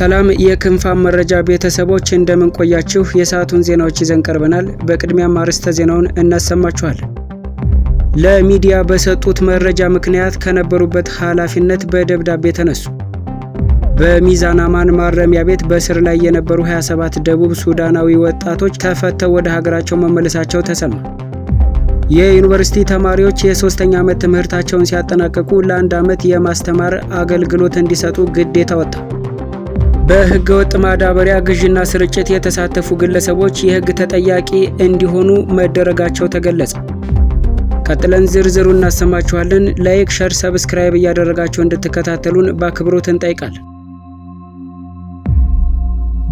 ሰላም የክንፋም መረጃ ቤተሰቦች እንደምን ቆያችሁ? የሰዓቱን ዜናዎች ይዘን ቀርበናል። በቅድሚያ አርዕስተ ዜናውን እናሰማችኋል። ለሚዲያ በሰጡት መረጃ ምክንያት ከነበሩበት ኃላፊነት በደብዳቤ ተነሱ። በሚዛን አማን ማረሚያ ቤት በስር ላይ የነበሩ 27 ደቡብ ሱዳናዊ ወጣቶች ተፈተው ወደ ሀገራቸው መመለሳቸው ተሰማ። የዩኒቨርሲቲ ተማሪዎች የሶስተኛ ዓመት ትምህርታቸውን ሲያጠናቀቁ ለአንድ ዓመት የማስተማር አገልግሎት እንዲሰጡ ግዴታ ወጣ። በህገወጥ ማዳበሪያ ግዥና ስርጭት የተሳተፉ ግለሰቦች የህግ ተጠያቂ እንዲሆኑ መደረጋቸው ተገለጸ። ቀጥለን ዝርዝሩ እናሰማችኋለን። ላይክ፣ ሸር፣ ሰብስክራይብ እያደረጋቸው እንድትከታተሉን በአክብሮት እንጠይቃለን።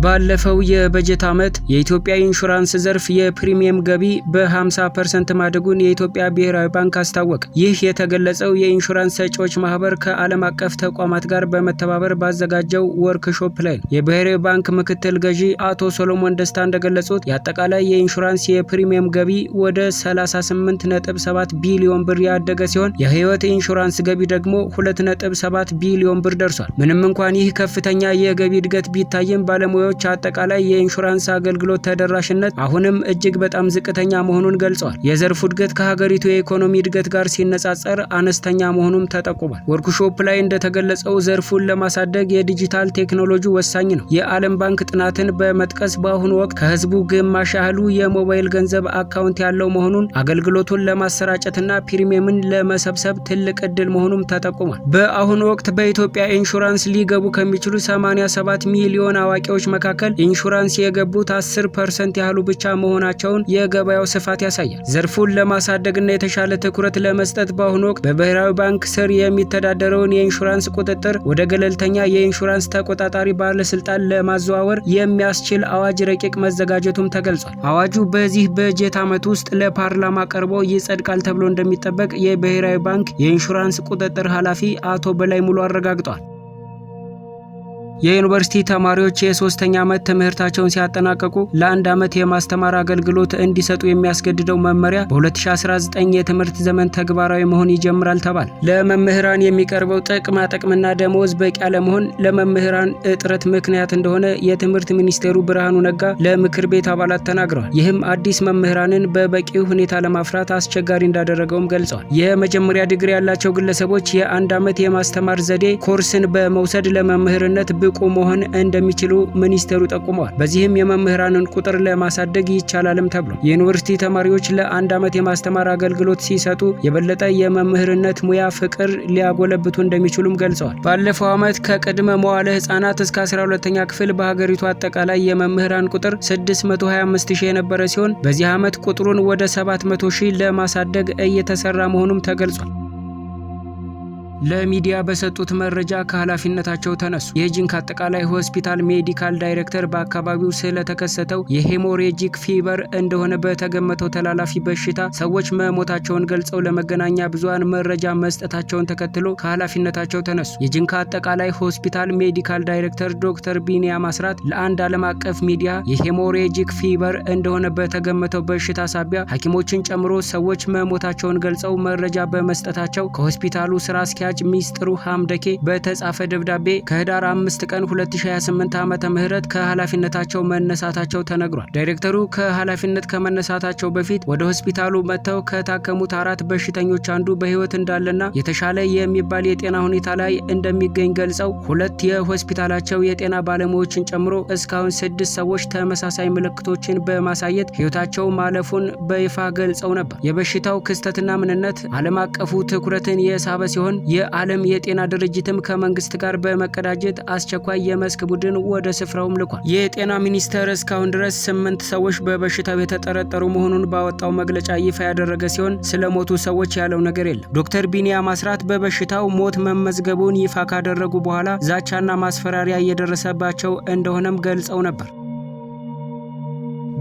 ባለፈው የበጀት ዓመት የኢትዮጵያ ኢንሹራንስ ዘርፍ የፕሪሚየም ገቢ በ50 ፐርሰንት ማደጉን የኢትዮጵያ ብሔራዊ ባንክ አስታወቀ። ይህ የተገለጸው የኢንሹራንስ ሰጪዎች ማህበር ከዓለም አቀፍ ተቋማት ጋር በመተባበር ባዘጋጀው ወርክሾፕ ላይ ነው። የብሔራዊ ባንክ ምክትል ገዢ አቶ ሶሎሞን ደስታ እንደገለጹት የአጠቃላይ የኢንሹራንስ የፕሪሚየም ገቢ ወደ 38.7 ቢሊዮን ብር ያደገ ሲሆን የህይወት ኢንሹራንስ ገቢ ደግሞ 2.7 ቢሊዮን ብር ደርሷል። ምንም እንኳን ይህ ከፍተኛ የገቢ እድገት ቢታይም ባለሙያ ተገልጋዮች አጠቃላይ የኢንሹራንስ አገልግሎት ተደራሽነት አሁንም እጅግ በጣም ዝቅተኛ መሆኑን ገልጸዋል። የዘርፉ እድገት ከሀገሪቱ የኢኮኖሚ እድገት ጋር ሲነጻጸር አነስተኛ መሆኑም ተጠቁሟል። ወርክሾፕ ላይ እንደተገለጸው ዘርፉን ለማሳደግ የዲጂታል ቴክኖሎጂ ወሳኝ ነው። የዓለም ባንክ ጥናትን በመጥቀስ በአሁኑ ወቅት ከህዝቡ ግማሽ ያህሉ የሞባይል ገንዘብ አካውንት ያለው መሆኑን አገልግሎቱን ለማሰራጨትና ፕሪሚየምን ለመሰብሰብ ትልቅ እድል መሆኑም ተጠቁሟል። በአሁኑ ወቅት በኢትዮጵያ ኢንሹራንስ ሊገቡ ከሚችሉ 87 ሚሊዮን አዋቂዎች መካከል ኢንሹራንስ የገቡት 10 ፐርሰንት ያህሉ ብቻ መሆናቸውን የገበያው ስፋት ያሳያል። ዘርፉን ለማሳደግና የተሻለ ትኩረት ለመስጠት በአሁኑ ወቅት በብሔራዊ ባንክ ስር የሚተዳደረውን የኢንሹራንስ ቁጥጥር ወደ ገለልተኛ የኢንሹራንስ ተቆጣጣሪ ባለስልጣን ለማዘዋወር የሚያስችል አዋጅ ረቂቅ መዘጋጀቱም ተገልጿል። አዋጁ በዚህ በጀት ዓመት ውስጥ ለፓርላማ ቀርቦ ይጸድቃል ተብሎ እንደሚጠበቅ የብሔራዊ ባንክ የኢንሹራንስ ቁጥጥር ኃላፊ አቶ በላይ ሙሉ አረጋግጧል። የዩኒቨርሲቲ ተማሪዎች የሶስተኛ ዓመት ትምህርታቸውን ሲያጠናቀቁ ለአንድ ዓመት የማስተማር አገልግሎት እንዲሰጡ የሚያስገድደው መመሪያ በ2019 የትምህርት ዘመን ተግባራዊ መሆን ይጀምራል ተባል። ለመምህራን የሚቀርበው ጥቅማ ጥቅምና ደመወዝ በቂ አለመሆን ለመምህራን እጥረት ምክንያት እንደሆነ የትምህርት ሚኒስቴሩ ብርሃኑ ነጋ ለምክር ቤት አባላት ተናግረዋል። ይህም አዲስ መምህራንን በበቂ ሁኔታ ለማፍራት አስቸጋሪ እንዳደረገውም ገልጸዋል። የመጀመሪያ ዲግሪ ያላቸው ግለሰቦች የአንድ ዓመት የማስተማር ዘዴ ኮርስን በመውሰድ ለመምህርነት ብቁ መሆን እንደሚችሉ ሚኒስቴሩ ጠቁመዋል። በዚህም የመምህራንን ቁጥር ለማሳደግ ይቻላልም ተብሏል። የዩኒቨርሲቲ ተማሪዎች ለአንድ ዓመት የማስተማር አገልግሎት ሲሰጡ የበለጠ የመምህርነት ሙያ ፍቅር ሊያጎለብቱ እንደሚችሉም ገልጸዋል። ባለፈው ዓመት ከቅድመ መዋለ ህጻናት እስከ 12ኛ ክፍል በሀገሪቱ አጠቃላይ የመምህራን ቁጥር 625 ሺህ የነበረ ሲሆን በዚህ ዓመት ቁጥሩን ወደ 700 ሺህ ለማሳደግ እየተሰራ መሆኑም ተገልጿል። ለሚዲያ በሰጡት መረጃ ከኃላፊነታቸው ተነሱ። የጂንካ አጠቃላይ ሆስፒታል ሜዲካል ዳይሬክተር በአካባቢው ስለተከሰተው የሄሞሬጂክ ፊቨር እንደሆነ በተገመተው ተላላፊ በሽታ ሰዎች መሞታቸውን ገልጸው ለመገናኛ ብዙሃን መረጃ መስጠታቸውን ተከትሎ ከኃላፊነታቸው ተነሱ። የጂንካ አጠቃላይ ሆስፒታል ሜዲካል ዳይሬክተር ዶክተር ቢኒያም ማስራት ለአንድ ዓለም አቀፍ ሚዲያ የሄሞሬጂክ ፊቨር እንደሆነ በተገመተው በሽታ ሳቢያ ሐኪሞችን ጨምሮ ሰዎች መሞታቸውን ገልጸው መረጃ በመስጠታቸው ከሆስፒታሉ ስራ አስኪያ አዘጋጅ ሚስጥሩ ሀምደኬ በተጻፈ ደብዳቤ ከህዳር 5 ቀን 2028 ዓመተ ምህረት ከኃላፊነታቸው መነሳታቸው ተነግሯል። ዳይሬክተሩ ከኃላፊነት ከመነሳታቸው በፊት ወደ ሆስፒታሉ መጥተው ከታከሙት አራት በሽተኞች አንዱ በህይወት እንዳለና የተሻለ የሚባል የጤና ሁኔታ ላይ እንደሚገኝ ገልጸው ሁለት የሆስፒታላቸው የጤና ባለሙያዎችን ጨምሮ እስካሁን ስድስት ሰዎች ተመሳሳይ ምልክቶችን በማሳየት ህይወታቸው ማለፉን በይፋ ገልጸው ነበር። የበሽታው ክስተትና ምንነት ዓለም አቀፉ ትኩረትን የሳበ ሲሆን የዓለም የጤና ድርጅትም ከመንግስት ጋር በመቀዳጀት አስቸኳይ የመስክ ቡድን ወደ ስፍራውም ልኳል። የጤና ሚኒስቴር እስካሁን ድረስ ስምንት ሰዎች በበሽታው የተጠረጠሩ መሆኑን ባወጣው መግለጫ ይፋ ያደረገ ሲሆን ስለሞቱ ሰዎች ያለው ነገር የለም። ዶክተር ቢኒያም አስራት በበሽታው ሞት መመዝገቡን ይፋ ካደረጉ በኋላ ዛቻና ማስፈራሪያ እየደረሰባቸው እንደሆነም ገልጸው ነበር።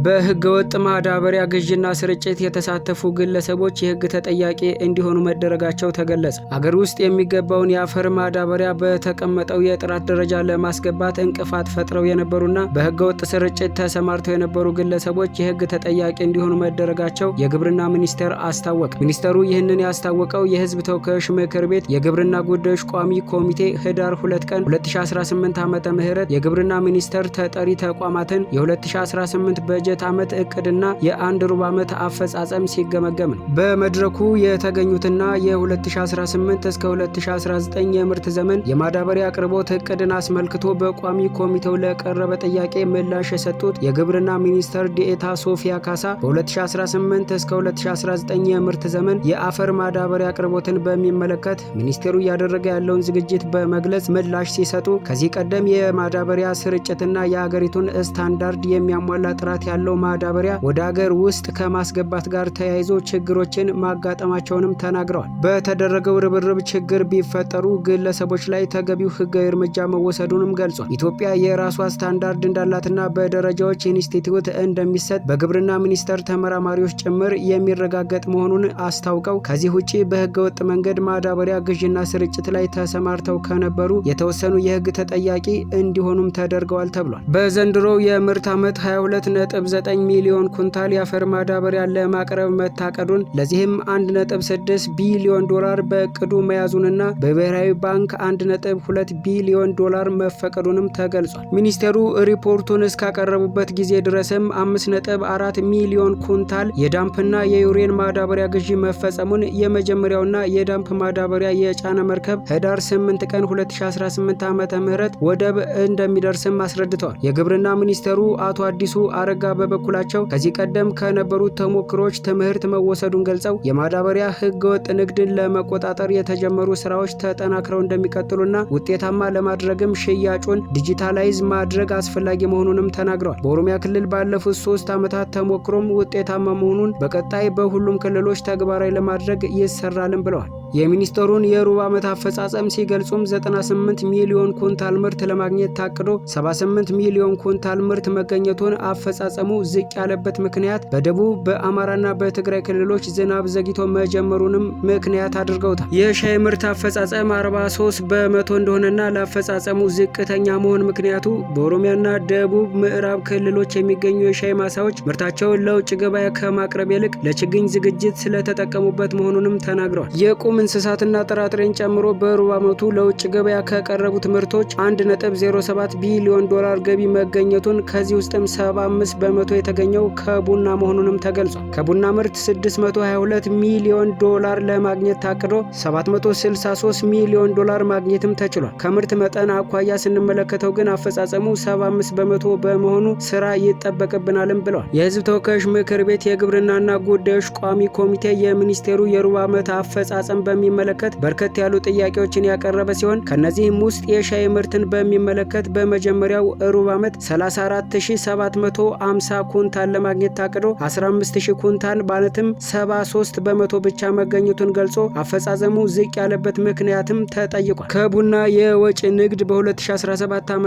በህገወጥ ማዳበሪያ ግዥና ስርጭት የተሳተፉ ግለሰቦች የህግ ተጠያቂ እንዲሆኑ መደረጋቸው ተገለጸ። አገር ውስጥ የሚገባውን የአፈር ማዳበሪያ በተቀመጠው የጥራት ደረጃ ለማስገባት እንቅፋት ፈጥረው የነበሩና በህገወጥ ስርጭት ተሰማርተው የነበሩ ግለሰቦች የህግ ተጠያቂ እንዲሆኑ መደረጋቸው የግብርና ሚኒስቴር አስታወቀ። ሚኒስቴሩ ይህንን ያስታወቀው የህዝብ ተወካዮች ምክር ቤት የግብርና ጉዳዮች ቋሚ ኮሚቴ ህዳር 2 ቀን 2018 ም የግብርና ሚኒስቴር ተጠሪ ተቋማትን የ2018 በ የበጀት ዓመት እቅድና የአንድ ሩብ ዓመት አፈጻጸም ሲገመገም ነው። በመድረኩ የተገኙትና የ2018 እስከ 2019 የምርት ዘመን የማዳበሪያ አቅርቦት እቅድን አስመልክቶ በቋሚ ኮሚቴው ለቀረበ ጥያቄ ምላሽ የሰጡት የግብርና ሚኒስቴር ዲኤታ ሶፊያ ካሳ በ2018 እስከ 2019 የምርት ዘመን የአፈር ማዳበሪያ አቅርቦትን በሚመለከት ሚኒስቴሩ እያደረገ ያለውን ዝግጅት በመግለጽ ምላሽ ሲሰጡ ከዚህ ቀደም የማዳበሪያ ስርጭትና የአገሪቱን ስታንዳርድ የሚያሟላ ጥራት ያለው ማዳበሪያ ወደ አገር ውስጥ ከማስገባት ጋር ተያይዞ ችግሮችን ማጋጠማቸውንም ተናግረዋል። በተደረገው ርብርብ ችግር ቢፈጠሩ ግለሰቦች ላይ ተገቢው ሕጋዊ እርምጃ መወሰዱንም ገልጿል። ኢትዮጵያ የራሷ ስታንዳርድ እንዳላትና በደረጃዎች ኢንስቲትዩት እንደሚሰጥ በግብርና ሚኒስቴር ተመራማሪዎች ጭምር የሚረጋገጥ መሆኑን አስታውቀው ከዚህ ውጭ በህገወጥ መንገድ ማዳበሪያ ግዥና ስርጭት ላይ ተሰማርተው ከነበሩ የተወሰኑ የህግ ተጠያቂ እንዲሆኑም ተደርገዋል ተብሏል። በዘንድሮው የምርት ዓመት 22 ነጥብ 1.9 ሚሊዮን ኩንታል የአፈር ማዳበሪያ ለማቅረብ መታቀዱን ለዚህም 1.6 ቢሊዮን ዶላር በእቅዱ መያዙንና በብሔራዊ ባንክ 1.2 ቢሊዮን ዶላር መፈቀዱንም ተገልጿል። ሚኒስቴሩ ሪፖርቱን እስካቀረቡበት ጊዜ ድረስም 5.4 ሚሊዮን ኩንታል የዳምፕና የዩሬን ማዳበሪያ ግዢ መፈጸሙን የመጀመሪያውና የዳምፕ ማዳበሪያ የጫነ መርከብ ህዳር 8 ቀን 2018 ዓ ም ወደብ እንደሚደርስም አስረድተዋል። የግብርና ሚኒስቴሩ አቶ አዲሱ አረጋ በበኩላቸው ከዚህ ቀደም ከነበሩት ተሞክሮች ትምህርት መወሰዱን ገልጸው የማዳበሪያ ህገወጥ ንግድን ለመቆጣጠር የተጀመሩ ስራዎች ተጠናክረው እንደሚቀጥሉና ውጤታማ ለማድረግም ሽያጩን ዲጂታላይዝ ማድረግ አስፈላጊ መሆኑንም ተናግረዋል። በኦሮሚያ ክልል ባለፉት ሶስት ዓመታት ተሞክሮም ውጤታማ መሆኑን በቀጣይ በሁሉም ክልሎች ተግባራዊ ለማድረግ ይሰራልን ብለዋል። የሚኒስትሩን የሩብ ዓመት አፈጻጸም ሲገልጹም 98 ሚሊዮን ኩንታል ምርት ለማግኘት ታቅዶ 78 ሚሊዮን ኩንታል ምርት መገኘቱን አፈጻጸሙ መጠኑ ዝቅ ያለበት ምክንያት በደቡብ በአማራና በትግራይ ክልሎች ዝናብ ዘግይቶ መጀመሩንም ምክንያት አድርገውታል። የሻይ ምርት አፈጻጸም 43 በመቶ እንደሆነና ለአፈጻጸሙ ዝቅተኛ መሆን ምክንያቱ በኦሮሚያና ደቡብ ምዕራብ ክልሎች የሚገኙ የሻይ ማሳዎች ምርታቸውን ለውጭ ገበያ ከማቅረብ ይልቅ ለችግኝ ዝግጅት ስለተጠቀሙበት መሆኑንም ተናግረዋል። የቁም እንስሳትና ጥራጥሬን ጨምሮ በሩብ ዓመቱ ለውጭ ገበያ ከቀረቡት ምርቶች 1.07 ቢሊዮን ዶላር ገቢ መገኘቱን ከዚህ ውስጥም 75 በመቶ የተገኘው ከቡና መሆኑንም ተገልጿል። ከቡና ምርት 622 ሚሊዮን ዶላር ለማግኘት ታቅዶ 763 ሚሊዮን ዶላር ማግኘትም ተችሏል። ከምርት መጠን አኳያ ስንመለከተው ግን አፈጻጸሙ 75 በመቶ በመሆኑ ስራ ይጠበቅብናልም ብለዋል። የህዝብ ተወካዮች ምክር ቤት የግብርናና ጉዳዮች ቋሚ ኮሚቴ የሚኒስቴሩ የሩብ ዓመት አፈጻጸም በሚመለከት በርከት ያሉ ጥያቄዎችን ያቀረበ ሲሆን ከእነዚህም ውስጥ የሻይ ምርትን በሚመለከት በመጀመሪያው ሩብ ዓመት 34750 50 ኩንታል ለማግኘት ታቅዶ 15000 ኩንታል ማለትም 73 በመቶ ብቻ መገኘቱን ገልጾ አፈጻጸሙ ዝቅ ያለበት ምክንያትም ተጠይቋል። ከቡና የወጪ ንግድ በ2017 ዓ ም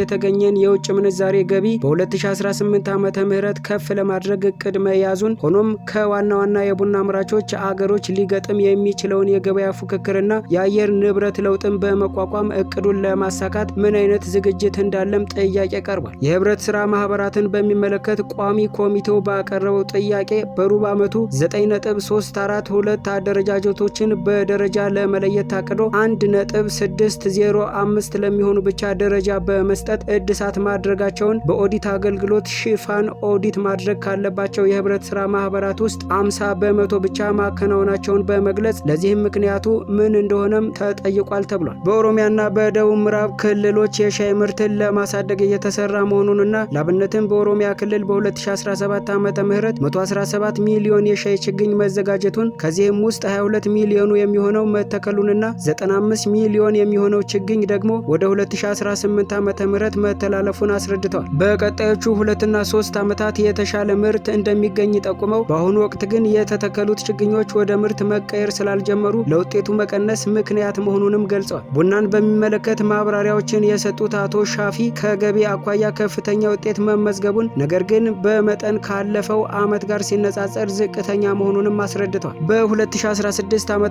የተገኘን የውጭ ምንዛሬ ገቢ በ2018 ዓ ም ከፍ ለማድረግ እቅድ መያዙን ሆኖም ከዋና ዋና የቡና አምራቾች አገሮች ሊገጥም የሚችለውን የገበያ ፉክክርና የአየር ንብረት ለውጥን በመቋቋም እቅዱን ለማሳካት ምን አይነት ዝግጅት እንዳለም ጥያቄ ቀርቧል። የህብረት ስራ ማህበራትን በሚ የሚመለከት ቋሚ ኮሚቴው ባቀረበው ጥያቄ በሩብ ዓመቱ 9.342 አደረጃጀቶችን በደረጃ ለመለየት ታቅዶ 1.605 ለሚሆኑ ብቻ ደረጃ በመስጠት እድሳት ማድረጋቸውን በኦዲት አገልግሎት ሽፋን ኦዲት ማድረግ ካለባቸው የህብረት ስራ ማህበራት ውስጥ 50 በመቶ ብቻ ማከናወናቸውን በመግለጽ ለዚህም ምክንያቱ ምን እንደሆነም ተጠይቋል ተብሏል። በኦሮሚያና በደቡብ ምዕራብ ክልሎች የሻይ ምርትን ለማሳደግ እየተሰራ መሆኑንና ለአብነትም በኦሮሚያ ክልል በ2017 ዓ ም 117 ሚሊዮን የሻይ ችግኝ መዘጋጀቱን ከዚህም ውስጥ 22 ሚሊዮኑ የሚሆነው መተከሉንና 95 ሚሊዮን የሚሆነው ችግኝ ደግሞ ወደ 2018 ዓ ም መተላለፉን አስረድተዋል። በቀጣዮቹ ሁለትና ሶስት ዓመታት የተሻለ ምርት እንደሚገኝ ጠቁመው በአሁኑ ወቅት ግን የተተከሉት ችግኞች ወደ ምርት መቀየር ስላልጀመሩ ለውጤቱ መቀነስ ምክንያት መሆኑንም ገልጸዋል። ቡናን በሚመለከት ማብራሪያዎችን የሰጡት አቶ ሻፊ ከገቢ አኳያ ከፍተኛ ውጤት መመዝገቡን ነገር ግን በመጠን ካለፈው ዓመት ጋር ሲነጻጸር ዝቅተኛ መሆኑንም አስረድተዋል። በ2016 ዓ ም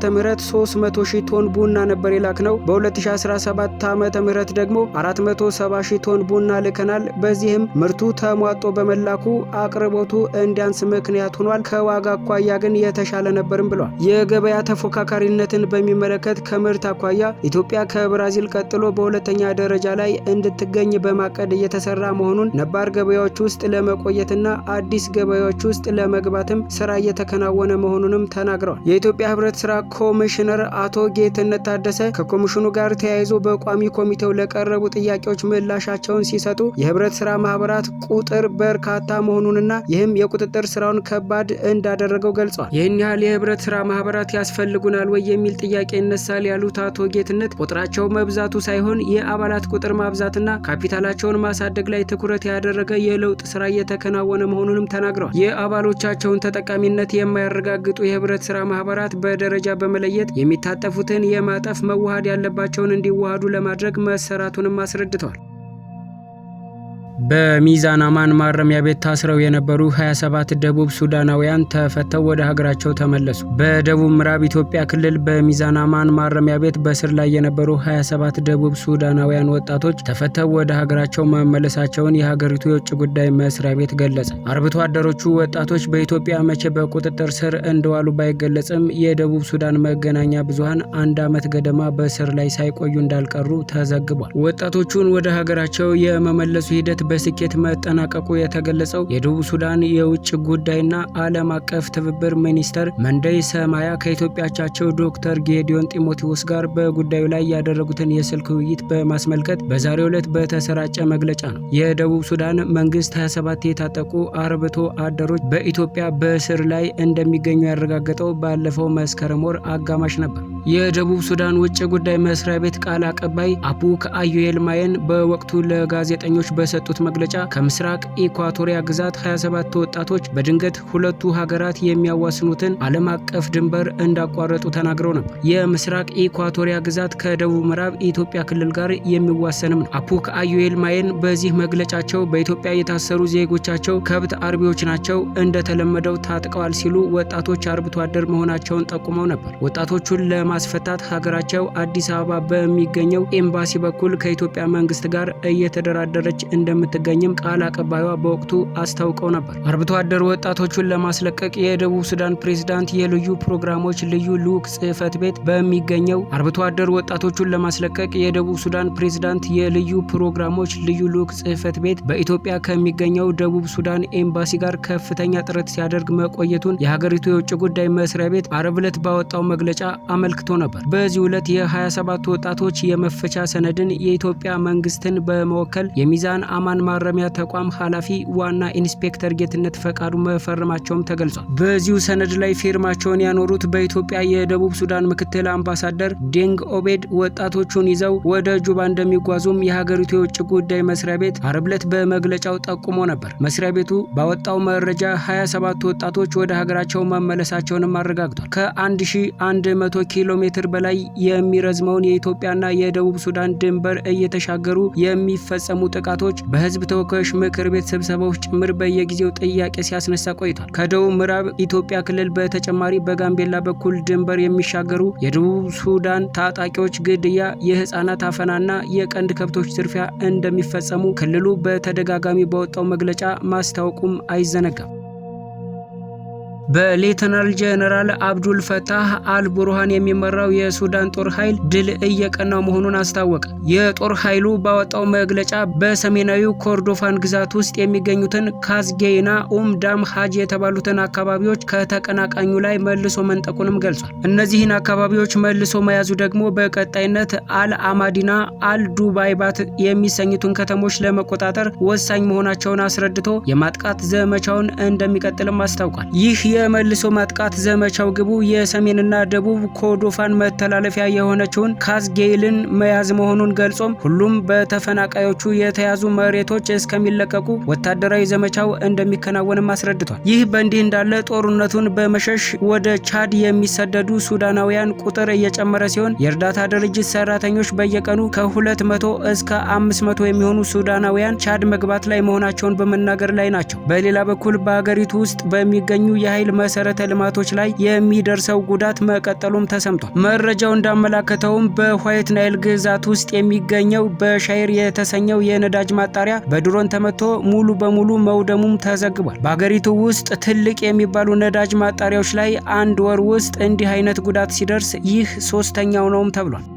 300 ሺህ ቶን ቡና ነበር የላክ ነው። በ2017 ዓ ም ደግሞ 470 ሺህ ቶን ቡና ልከናል። በዚህም ምርቱ ተሟጦ በመላኩ አቅርቦቱ እንዲያንስ ምክንያት ሆኗል። ከዋጋ አኳያ ግን የተሻለ ነበርም ብለዋል። የገበያ ተፎካካሪነትን በሚመለከት ከምርት አኳያ ኢትዮጵያ ከብራዚል ቀጥሎ በሁለተኛ ደረጃ ላይ እንድትገኝ በማቀድ እየተሰራ መሆኑን ነባር ገበያዎች ውስጥ ውስጥ ለመቆየትና አዲስ ገበያዎች ውስጥ ለመግባትም ስራ እየተከናወነ መሆኑንም ተናግረዋል። የኢትዮጵያ ህብረት ስራ ኮሚሽነር አቶ ጌትነት ታደሰ ከኮሚሽኑ ጋር ተያይዞ በቋሚ ኮሚቴው ለቀረቡ ጥያቄዎች ምላሻቸውን ሲሰጡ የህብረት ስራ ማህበራት ቁጥር በርካታ መሆኑንና ይህም የቁጥጥር ስራውን ከባድ እንዳደረገው ገልጿል። ይህን ያህል የህብረት ስራ ማህበራት ያስፈልጉናል ወይ የሚል ጥያቄ ይነሳል ያሉት አቶ ጌትነት ቁጥራቸው መብዛቱ ሳይሆን የአባላት ቁጥር ማብዛትና ካፒታላቸውን ማሳደግ ላይ ትኩረት ያደረገ የለውጥ ስራ እየተከናወነ መሆኑንም ተናግረዋል። የአባሎቻቸውን ተጠቃሚነት የማያረጋግጡ የህብረት ስራ ማህበራት በደረጃ በመለየት የሚታጠፉትን የማጠፍ መዋሃድ ያለባቸውን እንዲዋሃዱ ለማድረግ መሰራቱንም አስረድተዋል። በሚዛን አማን ማረሚያ ቤት ታስረው የነበሩ 27 ደቡብ ሱዳናውያን ተፈተው ወደ ሀገራቸው ተመለሱ። በደቡብ ምዕራብ ኢትዮጵያ ክልል በሚዛን አማን ማረሚያ ቤት በስር ላይ የነበሩ 27 ደቡብ ሱዳናውያን ወጣቶች ተፈተው ወደ ሀገራቸው መመለሳቸውን የሀገሪቱ የውጭ ጉዳይ መስሪያ ቤት ገለጸ። አርብቶ አደሮቹ ወጣቶች በኢትዮጵያ መቼ በቁጥጥር ስር እንደዋሉ ባይገለጽም የደቡብ ሱዳን መገናኛ ብዙሃን አንድ ዓመት ገደማ በስር ላይ ሳይቆዩ እንዳልቀሩ ተዘግቧል። ወጣቶቹን ወደ ሀገራቸው የመመለሱ ሂደት በስኬት መጠናቀቁ የተገለጸው የደቡብ ሱዳን የውጭ ጉዳይና ዓለም አቀፍ ትብብር ሚኒስተር መንደይ ሰማያ ከኢትዮጵያቻቸው ዶክተር ጌዲዮን ጢሞቴዎስ ጋር በጉዳዩ ላይ ያደረጉትን የስልክ ውይይት በማስመልከት በዛሬው ዕለት በተሰራጨ መግለጫ ነው። የደቡብ ሱዳን መንግስት 27 የታጠቁ አርብቶ አደሮች በኢትዮጵያ በእስር ላይ እንደሚገኙ ያረጋገጠው ባለፈው መስከረም ወር አጋማሽ ነበር። የደቡብ ሱዳን ውጭ ጉዳይ መስሪያ ቤት ቃል አቀባይ አቡክ አዩኤል ማየን በወቅቱ ለጋዜጠኞች በሰጡት ባወጣት መግለጫ ከምስራቅ ኢኳቶሪያ ግዛት 27 ወጣቶች በድንገት ሁለቱ ሀገራት የሚያዋስኑትን ዓለም አቀፍ ድንበር እንዳቋረጡ ተናግረው ነበር። የምስራቅ ኢኳቶሪያ ግዛት ከደቡብ ምዕራብ ኢትዮጵያ ክልል ጋር የሚዋሰንም ነው። አፑክ አዩኤል ማየን በዚህ መግለጫቸው በኢትዮጵያ የታሰሩ ዜጎቻቸው ከብት አርቢዎች ናቸው፣ እንደተለመደው ታጥቀዋል ሲሉ ወጣቶች አርብቶ አደር መሆናቸውን ጠቁመው ነበር። ወጣቶቹን ለማስፈታት ሀገራቸው አዲስ አበባ በሚገኘው ኤምባሲ በኩል ከኢትዮጵያ መንግስት ጋር እየተደራደረች እንደ እንደምትገኝም ቃል አቀባዩዋ በወቅቱ አስታውቀው ነበር። አርብቶ አደር ወጣቶቹን ለማስለቀቅ የደቡብ ሱዳን ፕሬዝዳንት የልዩ ፕሮግራሞች ልዩ ልዑክ ጽህፈት ቤት በሚገኘው አርብቶ አደር ወጣቶቹን ለማስለቀቅ የደቡብ ሱዳን ፕሬዝዳንት የልዩ ፕሮግራሞች ልዩ ልዑክ ጽህፈት ቤት በኢትዮጵያ ከሚገኘው ደቡብ ሱዳን ኤምባሲ ጋር ከፍተኛ ጥረት ሲያደርግ መቆየቱን የሀገሪቱ የውጭ ጉዳይ መስሪያ ቤት አረብ ዕለት ባወጣው መግለጫ አመልክቶ ነበር። በዚህ ዕለት የ27 ወጣቶች የመፈቻ ሰነድን የኢትዮጵያ መንግስትን በመወከል የሚዛን አማ አማን ማረሚያ ተቋም ኃላፊ ዋና ኢንስፔክተር ጌትነት ፈቃዱ መፈረማቸውም ተገልጿል። በዚሁ ሰነድ ላይ ፊርማቸውን ያኖሩት በኢትዮጵያ የደቡብ ሱዳን ምክትል አምባሳደር ዴንግ ኦቤድ ወጣቶቹን ይዘው ወደ ጁባ እንደሚጓዙም የሀገሪቱ የውጭ ጉዳይ መስሪያ ቤት አርብ ዕለት በመግለጫው ጠቁሞ ነበር። መስሪያ ቤቱ ባወጣው መረጃ 27 ወጣቶች ወደ ሀገራቸው መመለሳቸውንም አረጋግጧል። ከ1100 ኪሎ ሜትር በላይ የሚረዝመውን የኢትዮጵያና የደቡብ ሱዳን ድንበር እየተሻገሩ የሚፈጸሙ ጥቃቶች በ በህዝብ ተወካዮች ምክር ቤት ስብሰባዎች ጭምር በየጊዜው ጥያቄ ሲያስነሳ ቆይቷል። ከደቡብ ምዕራብ ኢትዮጵያ ክልል በተጨማሪ በጋምቤላ በኩል ድንበር የሚሻገሩ የደቡብ ሱዳን ታጣቂዎች ግድያ፣ የህፃናት አፈናና የቀንድ ከብቶች ዝርፊያ እንደሚፈጸሙ ክልሉ በተደጋጋሚ በወጣው መግለጫ ማስታወቁም አይዘነጋም። በሌተናል ጀነራል አብዱል ፈታህ አል ቡርሃን የሚመራው የሱዳን ጦር ኃይል ድል እየቀናው መሆኑን አስታወቀ። የጦር ኃይሉ ባወጣው መግለጫ በሰሜናዊው ኮርዶፋን ግዛት ውስጥ የሚገኙትን ካዝጌይና ኡም ዳም ሀጅ የተባሉትን አካባቢዎች ከተቀናቃኙ ላይ መልሶ መንጠቁንም ገልጿል። እነዚህን አካባቢዎች መልሶ መያዙ ደግሞ በቀጣይነት አል አማዲና፣ አል ዱባይባት የሚሰኙትን ከተሞች ለመቆጣጠር ወሳኝ መሆናቸውን አስረድቶ የማጥቃት ዘመቻውን እንደሚቀጥልም አስታውቋል። ይህ የመልሶ ማጥቃት ዘመቻው ግቡ የሰሜንና ደቡብ ኮዶፋን መተላለፊያ የሆነችውን ካስጌይልን መያዝ መሆኑን ገልጾም ሁሉም በተፈናቃዮቹ የተያዙ መሬቶች እስከሚለቀቁ ወታደራዊ ዘመቻው እንደሚከናወንም አስረድቷል። ይህ በእንዲህ እንዳለ ጦርነቱን በመሸሽ ወደ ቻድ የሚሰደዱ ሱዳናውያን ቁጥር እየጨመረ ሲሆን የእርዳታ ድርጅት ሰራተኞች በየቀኑ ከ200 እስከ 500 የሚሆኑ ሱዳናውያን ቻድ መግባት ላይ መሆናቸውን በመናገር ላይ ናቸው። በሌላ በኩል በአገሪቱ ውስጥ በሚገኙ የኃይል ኃይል መሰረተ ልማቶች ላይ የሚደርሰው ጉዳት መቀጠሉም ተሰምቷል። መረጃው እንዳመላከተውም በዋይት ናይል ግዛት ውስጥ የሚገኘው በሻይር የተሰኘው የነዳጅ ማጣሪያ በድሮን ተመቶ ሙሉ በሙሉ መውደሙም ተዘግቧል። በሀገሪቱ ውስጥ ትልቅ የሚባሉ ነዳጅ ማጣሪያዎች ላይ አንድ ወር ውስጥ እንዲህ አይነት ጉዳት ሲደርስ ይህ ሶስተኛው ነውም ተብሏል።